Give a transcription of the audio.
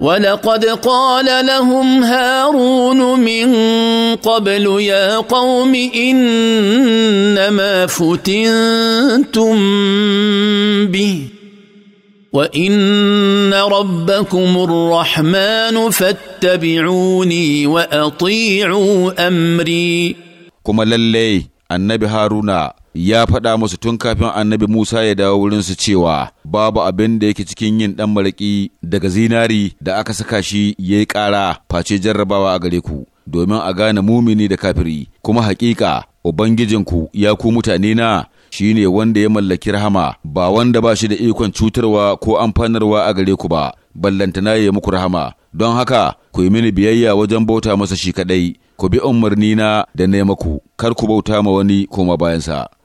ولقد قال لهم هارون من قبل يا قوم انما فتنتم به وان ربكم الرحمن فاتبعوني واطيعوا امري كما للي annabi Haruna ya faɗa musu tun kafin annabi Musa ya dawo wurinsu cewa babu abin da yake cikin yin ɗan maraƙi daga zinari da aka saka shi ya yi ƙara face jarrabawa a gare ku domin a gane mumini da kafiri kuma haƙiƙa Ubangijinku ya ku mutane na shi ne wanda ya mallaki rahama ba wanda ba shi da ikon cutarwa ko amfanarwa a gare ku ba ballantana ya muku rahama don haka ku yi mini biyayya wajen bauta masa shi kaɗai, ku bi umarnina da na maku, kar ku bauta ma wani koma bayansa.